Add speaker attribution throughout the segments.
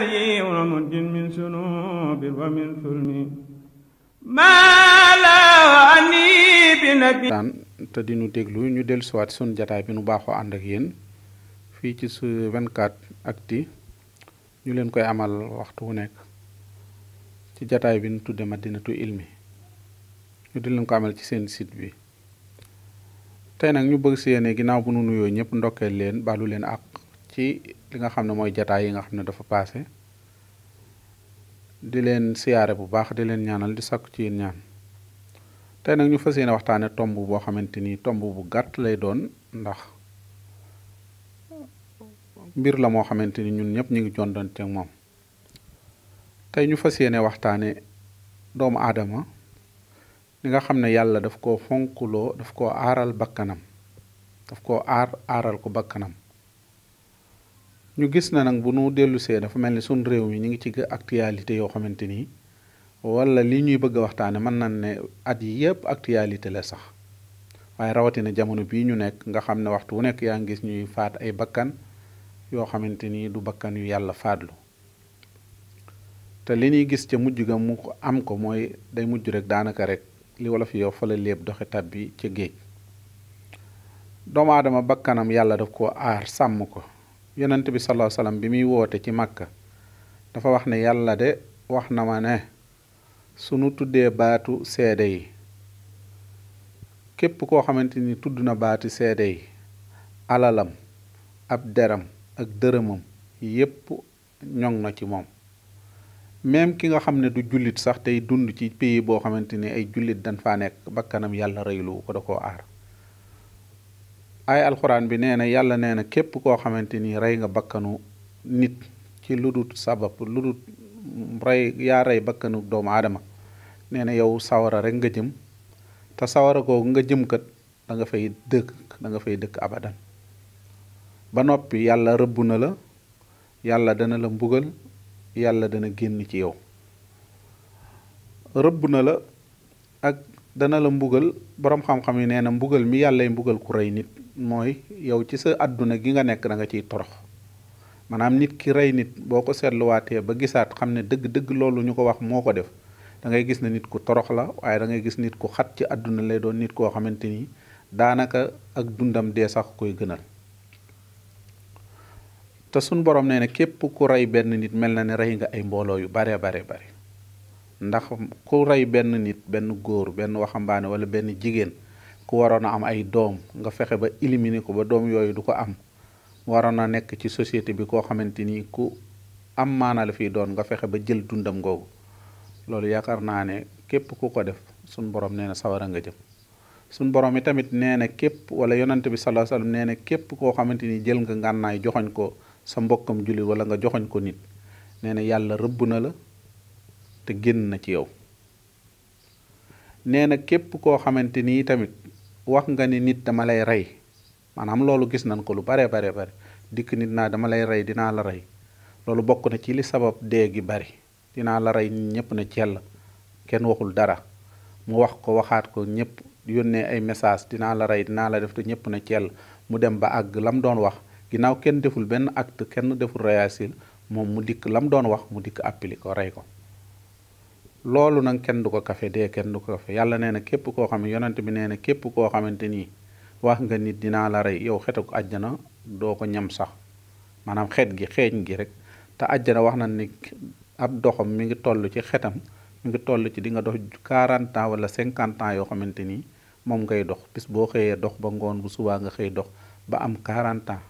Speaker 1: بريء مد من سنوب ومن ثلم ما لا أني بنبي te di nu déglu ñu dellu siwaat sun jataay bi nu baaxoo ànd ak yéen fii ci su 24 actu ñu leen koy amal waxtu wu nekk ci jataay bi nu tudde madinatu ilmi ñu di leen ko amal ci seen sit bi tey nag ñu bëgg si yéene ginnaaw bu nu nuyoo ñëpp ndokkeel leen baalu leen àq ci li nga xam ne mooy jataay yi nga xam ne dafa paase di leen siyaare bu baax di leen ñaanal di sakk ci yéen ñaan tey nag ñu fas yéene waxtaane tomb boo xamante ni tomb bu gàtt lay doon ndax mbir la moo xamante ni ñun ñëpp ñu ngi doon ak moom tey ñu fas yéene waxtaane doomu aadama li nga xam ne yàlla daf koo fonkuloo daf koo aaral bakkanam daf ko aar aaral ko bakkanam ñu gis na nag bu nu dellusee dafa mel ni suñ réew mi ñu ngi ci actualité yoo xamante nii walla li ñuy bëgg a waxtaane mën nañ ne at yi yëpp actualité la sax waaye rawatina jamono bii ñu nekk nga xam ne waxtu wu nekk yaa ngi gis ñuy faat ay bakkan yoo xamante ni du bakkan yu yàlla faatlu te li ñuy gis ca mujj ga mu am ko mooy day mujj rek daanaka rek li wala fi fa la léeb doxe tab bi ca géej doomu aadama bakkanam yàlla daf ko aar sàmm ko yonent bi sallallahu alayhi bi muy woote ci màkka dafa wax ne yàlla de wax na ma ne sunu tuddee baatu seede yi képp koo xamante ni tudd na baatu seede yi alalam ab deram ak dërëmam yépp ñoŋ na ci moom même ki nga xam ne du jullit sax tey dund ci pays boo xamante ni ay jullit dañ faa nekk bakkanam yàlla rëylu ko da ko aar ay alxuraan bi nee na yàlla nee na képp koo xamante ni rey nga bakkanu nit ci lu dul sabab lu dul rey yaa rey bakkanu doomu aadama nee na yow sawara rekk nga jëm te sawara googu nga jëm danga fay dëkk da fay dëkk abadan ba noppi yàlla rëbb na la yàlla dana la mbugal yàlla dana génn ci yow rëbb na la ak dana la mbugal boroom xam-xam yi nee na mbugal mi yàllay mbugal ku rey nit mooy yow ci sa àdduna gi nga nekk danga nga ciy torox maanaam nit ki rey nit boo ko seetluwaatee ba gisaat xam ne dëgg-dëgg loolu ñu ko wax moo ko def dangay gis ne nit ku torox la waaye da ngay gis nit ku xat ci àdduna lay doon nit koo xamante ni daanaka ak dundam dee sax koy gënal te suñ borom nee na képp ku rey benn nit mel na ne rey nga ay mbooloo yu bare bare bare ndax ku rey benn nit benn góor benn waxambaane wala benn jigéen ku waroon a am ay doom nga fexe ba éliminer ko ba doom yooyu du ko am waroon a nekk ci société bi koo xamante ni ku am maana la fiy doon nga fexe ba jël dundam googu loolu yaakaar naa ne képp ku ko def suñ borom nee na sawara nga jëm suñ borom yi tamit nee na képp wala yonante bi sallallahu alayhi nee na képp koo xamante ni jël nga ngànnaay joxoñ ko sa mbokkam jullit wala nga joxoñ ko nit nee na yàlla rëbb na la te génn na ci yow nee képp koo xamante tamit wax nga ni nit dama lay rey maanaam loolu gis nañ ko lu bare bare bare dikk nit naa dama lay rey dinaa la rey loolu bokk na ci li sabab dee gi bari dinaa la rey ñépp na cell kenn waxul dara mu wax ko waxaat ko ñépp yónnee ay message dinaa la rey dinaa la def te ñépp na cell mu dem ba àgg lam doon wax ginnaaw kenn deful benn acte kenn deful réagir moom mu dikk lam doon wax mu dikk appli ko rey ko loolu nag kenn du ko kafe dee kenn du ko kafe yàlla nee na képp koo xam ne yonent bi nee na képp koo xamante ni wax nga nit dinaa la rey yow xetu àjjana doo ko ñam sax maanaam xet gi xeeñ gi rek te àjjana wax na ni ab doxam mi ngi tollu ci xetam mi ngi toll ci di nga dox 40 ans wala 50 ans yoo xamante ni moom ngay dox bis boo xëyee dox ba ngoon bu subaa nga xëy dox ba am 40 ans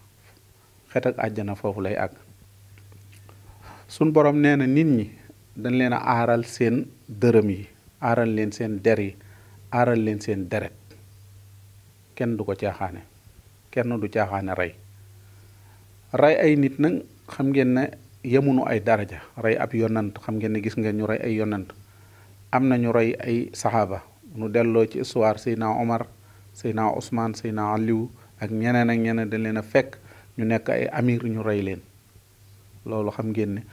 Speaker 1: xet ak àjjana foofu lay àgg. sun borom nee na nit ñi dañ leen a aaral seen dërëm yi aaral leen seen der yi aaral leen seen deret kenn du ko caaxaane kenn du caaxaane rey rey ay nit nag xam ngeen ne yemunu ay daraja rey ab yonant xam ngeen ne gis ngeen ñu rey ay yonant am na ñu rey ay saxaaba nu delloo ci histoire Seydina Omar Seydina Ousmane Seydina Aliou ak ñeneen ak ñeneen dañ leen a fekk ñu nekk ay amir ñu rey leen loolu xam ngeen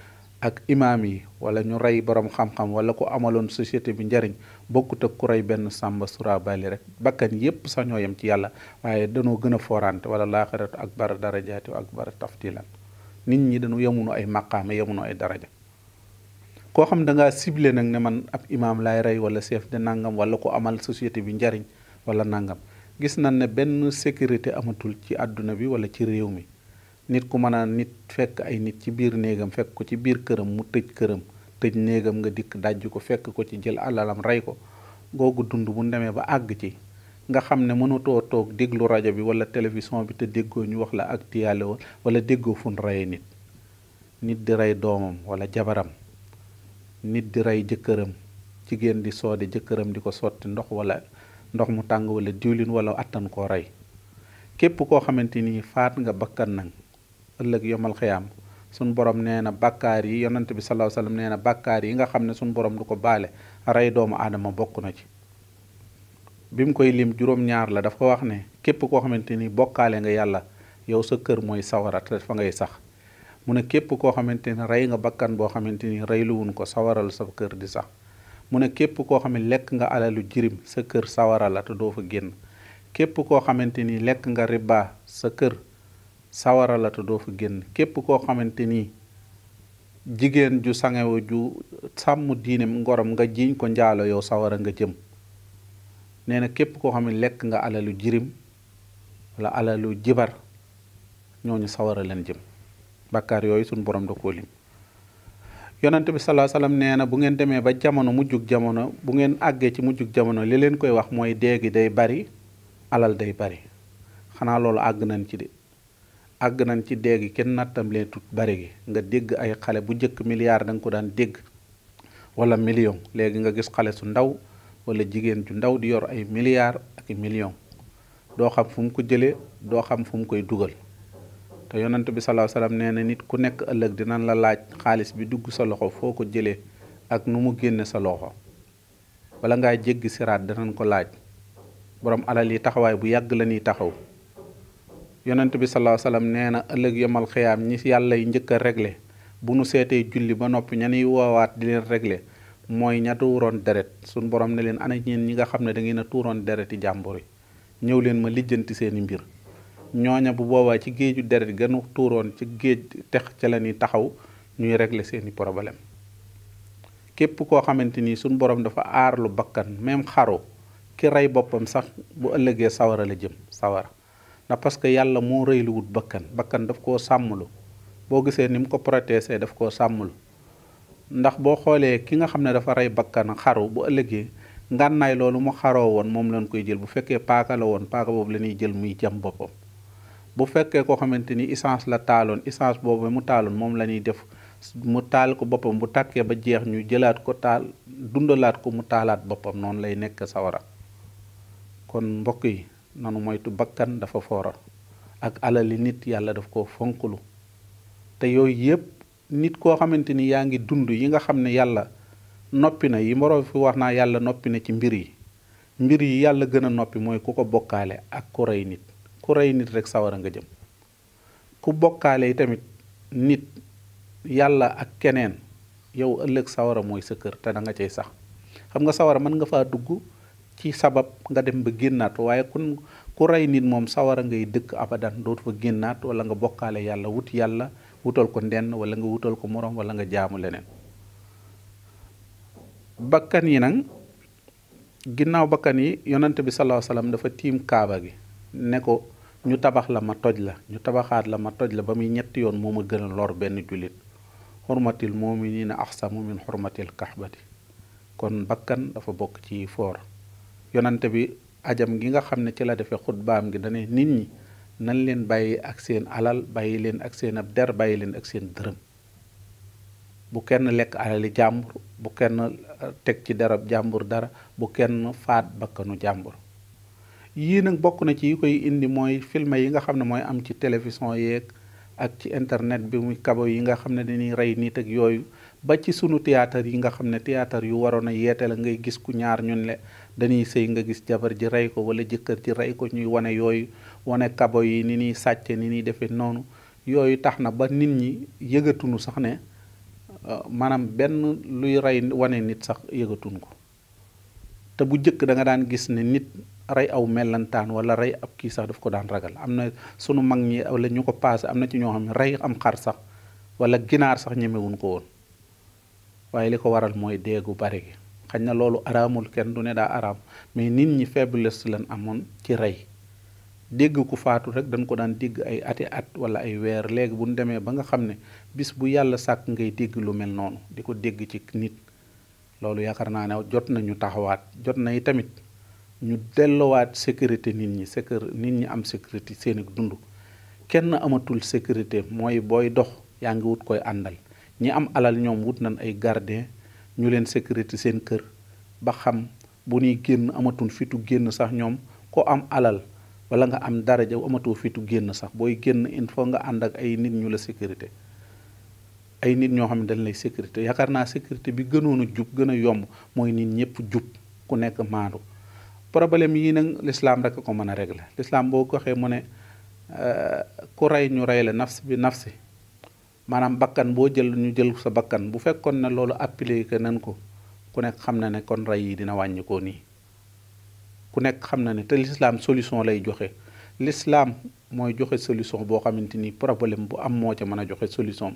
Speaker 1: ak imaam yi wala ñu rey borom xam-xam wala ko amaloon société bi njariñ bokkut ak ku rey benn sàmba suraabali rek bakkan yépp sax ñoo yem ci yàlla waaye danoo gën a foraante wala laaxiratu ak bara darajaati ak bara taftilan nit ñi dañu yemunu ay maqaama yemunu ay daraja koo xam danga ngaa ciblé nag ne man ab imaam laay rey wala chef de nangam wala ko amal société bi njariñ wala nangam gis nañ ne benn sécurité amatul ci àdduna bi wala ci réew mi nit ku mën nit fekk ay nit ci biir néegam fekk ko ci biir këram mu tëj këram tëj néegam nga dikk dajj ko fekk ko ci jël alalam rey ko googu dund bu ndemee ba àgg ci nga xam ne mënatoo toog déglu rajo bi wala télévision bi te déggoo ñu wax la ak tiyaale wala déggoo fun reye nit nit di rey doomam wala jabaram nit di rey jëkkëram jigéen di soode jëkkëram di ko sotti ndox wala ndox mu tàng wala diwlin wala attan koo rey képp koo xamante ni faat nga bakkan nag ëllëg yomal xiyaam suñ borom nee na bàkkaar yi yonent bi salaahu sallam nee na bàkkaar yi nga xam ne suñ borom du ko baale rey doomu aadama bokk na ci bi mu koy lim juróom-ñaar la dafa wax ne képp koo xamante ni bokkaale nga yàlla yow sa kër mooy sawara fa ngay sax mu ne képp koo xamante ni rey nga bakkan boo xamante ni reyluwun ko sawaral sa kër di sax mu ne képp koo xam ne lekk nga alalu jirim sa kër sawara la te doo fa génn képp koo xamante ni lekk nga riba sa kër sawara la te doo fa génn képp koo xamante ni jigéen ju sangewu ju sàmm diinem ngorom nga jiiñ ko njaalo yow sawara nga jëm nee na képp koo xam lekk nga alalu jirim wala alalu jibar ñooñu sawara leen jëm bakkaar yooyu suñ borom da koo lim yonent bi salaa salaam nee na bu ngeen demee ba jamono mujjug jamono bu ngeen àggee ci mujjug jamono li leen koy wax mooy dee day bari alal day bari xanaa loolu àgg nañ ci de àgg nañ ci dee gi kenn nattamlee tut bare gi nga dégg ay xale bu njëkk milliard danga ko daan dégg wala million léegi nga gis xale su ndaw wala jigéen ju ndaw di yor ay milliard ak million doo xam fu mu ko jëlee doo xam fu mu koy dugal te yonent bi salaahu salaam nee na nit ku nekk ëllëg dinañ la laaj xaalis bi dugg sa loxo foo ko jëlee ak nu mu génne sa loxo wala ngaa jéggi siraat danañ ko laaj borom alal yi taxawaay bu yàgg la taxaw yonent bi salaahu salaam nee na ëllëg yomal xiyaam ñi yàlla yi njëkk regle bu nu seetee julli ba noppi ña nuy woowaat di leen regle mooy ña tuuroon deret suñ borom ne leen ana ñeen ñi nga xam ne da ngeen a tuuroon dereti jàmbur yi ñëw leen ma lijjanti seeni mbir ñooña bu boobaa ci géeju deret gënu tuuroon ci géej tex ca la ñuy taxaw ñuy regle seeni problème képp koo xamante ni suñ borom dafa aar lu bakkan même xaru ki rey boppam sax bu ëllëgee sawara la jëm sawara na parce que yàlla moo rëyluwut bakkan bakkan daf koo sàmmlu boo gisee ni mu ko protéger daf koo sàmmlu ndax boo xoolee ki nga xam ne dafa rey bakkan xaru bu ëllëgee ngànnaay loolu mu xaroo woon moom lañ koy jël bu fekkee paaka la woon paaka boobu la ñuy jël muy jam boppam bu fekkee koo xamante ni essence la taaloon essence boobu mu taaloon moom la ñuy def mu taal ko boppam bu tàkkee ba jeex ñu jëlaat ko taal dundalaat ko mu taalaat boppam noonu lay nekk sawara nanu moytu bakkan dafa foora ak alali nit yàlla daf ko fonklu te yooyu yépp nit koo xamante ni yaa ngi dund yi nga xam ne yàlla noppi na yi moroom fi wax naa yàlla noppi na ci mbir yi mbir yi yàlla gën a noppi mooy ku ko bokkaale ak ku rey nit ku rey nit rek sawara nga jëm ku bokkaale yi tamit nit yàlla ak keneen yow ëllëg sawara mooy sa kër te da nga cay sax xam nga sawara mën nga faa dugg ci sabab nga dem ba génnaat waaye kun ku rey nit moom sawar a ngay dëkk abadan dootu fa génnaat wala nga bokkaale yàlla wut yàlla wutal ko ndenn wala nga wutal ko moroom wala nga jaamu leneen bakkan yi nag ginnaaw bakkan yi yonante bi salaahu salaam dafa tiim kaaba gi ne ko ñu tabax la ma toj la ñu tabaxaat la ma toj la ba muy ñetti yoon moo ma gën a lor benn jullit xurmatil muminina axsamu min xurmatil kaxbati kon bakkan dafa bokk ci foor yonante bi ajam gi nga xam ne ci la defee baam gi dana nit ñi nan leen bàyyi ak seen alal bàyyi leen ak seen ab der bàyyi leen ak seen dërëm bu kenn lekk alali jàmbur bu kenn euh, teg ci derab jàmbur dara bu kenn faat bakkanu jàmbur yii nag bokk na ci yi koy indi mooy film yi nga xam ne mooy am ci télévision yeeg ak ci internet bi muy kabo yi nga xam ne dañuy rey nit ak yooyu ba ci sunu théâtre yi nga xam ne théâtre yu waroon a yeete la ngay gis ku ñaar ñun le dañuy sëy nga gis jabar ji rey ko wala jëkkër ji rey ko ñuy wane yooyu wane kabo yi ni ñuy sàcce ni ñuy defee noonu yooyu tax na ba nit ñi yëgatunu sax ne euh, maanaam benn luy rey wane nit sax yëgatun ko te bu jëkk da nga daan gis ne nit rey aw mellantaan wala rey ab kii sax daf ko daan ragal am na sunu mag ñi wala ñu ko paase am na ci ñoo xam ne rey am xar sax wala ginaar sax ñemewuñ ko woon waaye li ko waral mooy déegu bari gi xañ na loolu araamul kenn du ne daa araam mais nit ñi faiblesse lan amoon ci rey dégg ku faatu rek dañ ko daan dégg ay ati at wala ay weer léegi bu ñu demee ba nga xam ne bis bu yàlla sàkk ngay dégg lu mel noonu di ko dégg ci nit loolu yaakaar naa ne jot nañu taxawaat jot na tamit ñu delluwaat sécurité nit ñi sécur nit ñi am sécurité seen dund kenn amatul sécurité mooy booy dox yaa ngi wut koy àndal ñi am alal ñoom wut nañ ay gardien ñu leen sécurité seen kër ba xam bu ñuy génn amatul fitu génn sax ñoom ko am alal wala nga am daraja amatoo fitu génn sax booy génn il faut nga ànd ak ay nit ñu la sécurité ay nit ñoo xam ne dañ lay sécurité yaakaar naa sécurité bi gënoon a jub gën a yomb mooy nit ñëpp jub ku nekk maandu problème yii nag lislaam rek ko mën a régler lislaam boo ko waxee mu ne euh, ku rey ñu rey la nafs bi nafsi maanaam bakkan boo jël ñu jël sa bakkan bu fekkoon na loolu appliqué nañ ko ku nekk xam na ne kon rey yi dina wàññikoo nii ku nekk xam na ne te lislaam solution lay joxe lislaam mooy joxe solution boo xamante ni problème bu am moo ca mën a joxe solution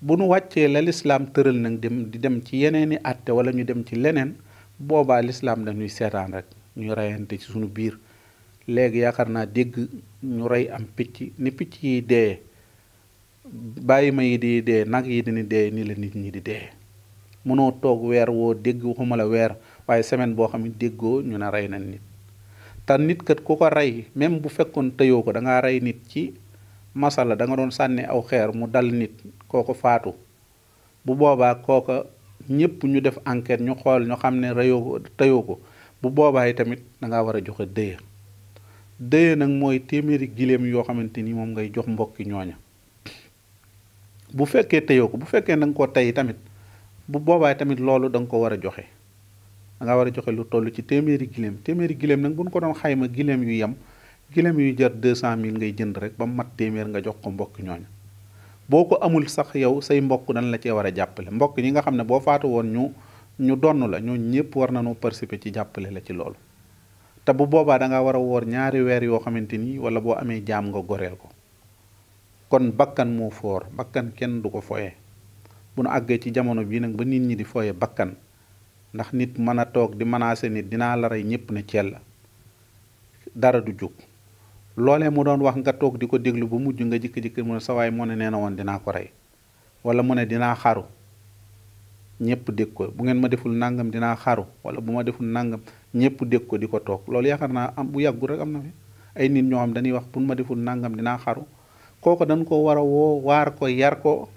Speaker 1: bu nu wàccee la lislaam tëral nag dem di dem ci yeneeni àtte wala ñu dem ci leneen boobaa lislaam dañuy seetaan rek ñu reyante ci suñu biir léegi yaakaar naa dégg ñu rey am picc ni picc yiy dee bàyyi ma yi di dee nag yi di dee nii la nit ñi di dee mënoo toog weer woo dégg waxuma la weer waaye semaine boo xam ne déggoo ñu ne rey nañ nit te nit kat ku ko rey même bu fekkoon tëyoo ko da rey nit ci masala danga doon sànni aw xeer mu dal nit koo ko faatu bu boobaa kooka ñëpp ñu def enquête ñu xool ñu xam ne reyoo ko tëyoo ko bu boobaa yi tamit danga war a joxe dëye dëye nag mooy téeméeri giléem yoo xamante ni moom ngay jox mbokki ñooña bu fekkee tëyoo ko bu fekkee na nga ko tey tamit bu boobaay tamit loolu danga ko war a joxe da nga war a joxe lu toll ci téeméeri giléem téeméeri giléem nag bu ñu ko doon xayma giléem yu yem giléem yu jar deux cent mille ngay jënd rek ba mat téeméer nga jox ko mbokk ñooñu boo ko amul sax yow say mbokk dañ la cee war a jàppale mbokk ñi nga xam ne boo faatu woon ñu ñu donn la ñoo ñëpp war na nañoo participer ci jàppale la ci loolu te bu boobaa danga war a woor ñaari weer yoo xamante ni wala boo amee jaam nga goreel ko kon bakkan moo foor bakkan kenn du ko foye bu nu àggee ci jamono bii nag ba nit ñi di foye bakkan ndax nit mën a toog di menacer nit dinaa la rey ñépp ne cell dara du jóg loole mu doon wax nga toog di ko déglu ba mujj nga jikki-jikki mu ne sa waay mu ne nee na woon dinaa ko rey wala mu ne dinaa xaru ñëpp dégg ko bu ngeen ma deful nangam dinaa xaru wala bu ma deful nangam ñëpp dégg ko di ko toog loolu yaakaar naa am bu yàggu rek am na fi ay nit ñoo xam dañuy wax bu ma deful nangam dinaa xaru kooku dañ ko war a woo waar ko yar ko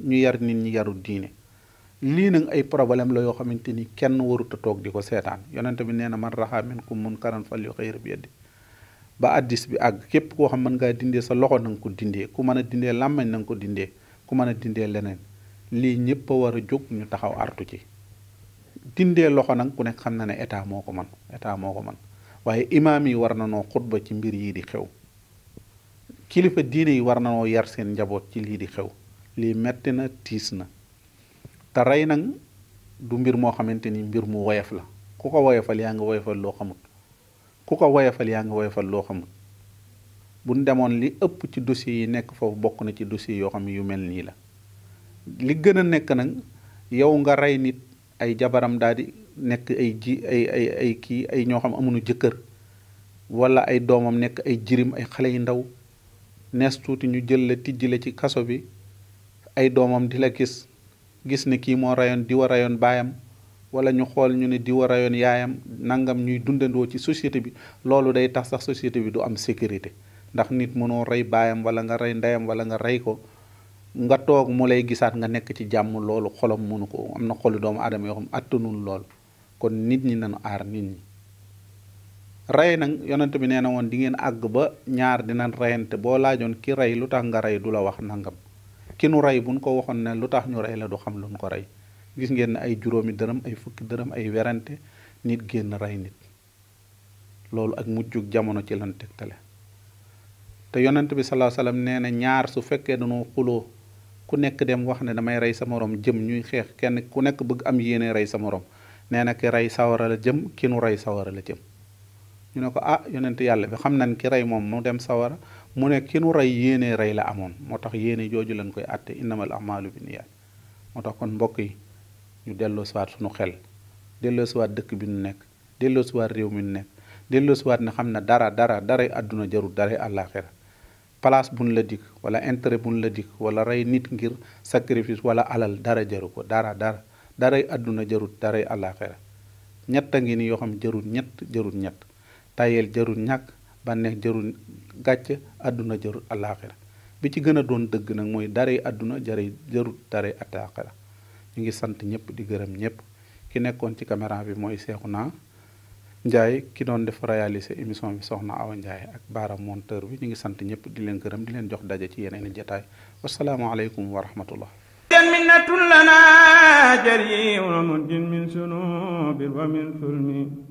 Speaker 1: ñu yar nit ñi yaru diine lii nag ay problème la yoo xamante ni kenn warut a toog di ko seetaan yonente bi nee na man raxaa minkum munkaran falyughayyir bi yadihi ba addis bi àgg képp koo xam mën ngaa dindee sa loxo na nga dindee ku mën a dindee làmmañ na nga ko dindee ku mën a dindee leneen lii ñëpp a war a jóg ñu taxaw artu ci dindee loxo nag ku nekk xam na ne état moo ko man état moo ko man waaye imaam yi war na noo xutba ci mbir yii di xew kilifa diine yi war nanoo yar seen njaboot ci lii di xew lii metti na tiis na te rey nag du mbir moo xamante ni mbir mu woyof la ku ko woyofal yaa ngi woyofal loo xamut ku ko woyofal yaa ngi loo xamut buñ demoon li ëpp ci dossiers yi nekk foofu bokk na ci dossiers yoo xam ne yu mel nii la li gën a nekk nag yow nga rey nit ay jabaram daal nekk ay ji ay ay kii ay ñoo xam amuñu jëkkër walla ay doomam nekk ay jirim ay xale yu ndaw nees tuuti ñu jël la tijji la ci kaso bi ay doomam di la gis gis ni kii moo rayoon diwa rayoon baayam wala ñu xool ñu ne diwa rayoon yaayam nangam ñuy dundandoo ci société bi loolu day tax sax société bi du am sécurité ndax nit mënoo rey baayam wala nga rey ndeyam wala nga rey ko nga toog mu lay gisaat nga nekk ci jàmm loolu xolam mënu ko am na xolu doomu aadama yoo xam attanul loolu kon nit ñi nañu aar nit ñi rey nag yonent bi nee na woon di ngeen àgg ba ñaar dinañ reyante boo laajoon ki rey lu tax nga rey du la wax nangam ki nu rey buñ ko waxoon ne lu tax ñu rey la du xam lu luñ ko rey gis ngeen ne ay juróomi dërëm ay fukki dërëm ay werante nit génn rey nit loolu ak mujjug jamono ci lan tegtale te yonent bi salaa salaam nee na ñaar su fekkee dañoo xuloo ku nekk dem wax ne damay rey sa morom jëm ñuy xeex kenn ku nekk bëgg am yéene rey sa morom nee na ki rey sawara jëm ki nu rey sawara jëm ñu ne ko ah yonent yàlla bi xam nañ ki rey moom mu dem sawara mu ne ki nu rey yéene rey la amoon moo tax yéene jooju lañ koy àtte innamal amalu bi niyaat moo tax kon mbokk yi ñu delloosiwaat suñu xel delloosiwaat dëkk bi nu nekk delloosiwaat réew mi nu nekk delloosiwaat ne xam na dara dara daray àdduna jarul daray àllaaxira place buñ la dikk wala intérêt buñ la dikk wala rey nit ngir sacrifice wala alal dara jaru ko dara dara daray àdduna jarut daray àllaaxira ñett a yoo xam jarut ñett ñett tayel jarul ñàkk bànneex jarul gàcc àdduna jarul alaaxira bi ci gën a doon dëgg nag mooy darey àdduna jare jarul darey ataaxira ñu ngi sant ñëpp di gërëm ñëpp ki nekkoon ci caméra bi mooy seexu Seexuna Njaay ki doon def réaliser émission bi soxna aw Njaay ak baara monteur bi ñu ngi sant ñëpp di leen gërëm di leen jox daje ci yeneen i jataay wasalaamualeykum wa rahmatullah جنة لنا جريء